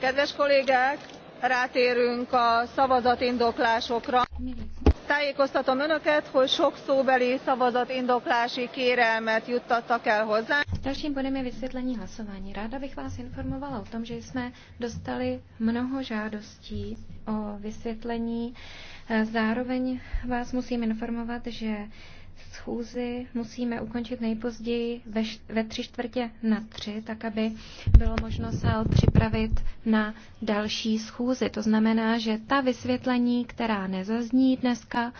kedves kollégák rátérünk a szavazatindoklásokra. tájékoztatom önöket hogy sok szóbeli szavazatindoklási kérelmet juttattak el hozzánk. Dalším bodem je vysvětlení hlasování. Ráda bych vás informovala o tom, že jsme dostali mnoho žádostí o vysvětlení. Zároveň vás musím informovat, že schůzi musíme ukončit nejpozději ve, ve tři čtvrtě na tři, tak aby bylo možno sál připravit na další schůzi. To znamená, že ta vysvětlení, která nezazní dneska,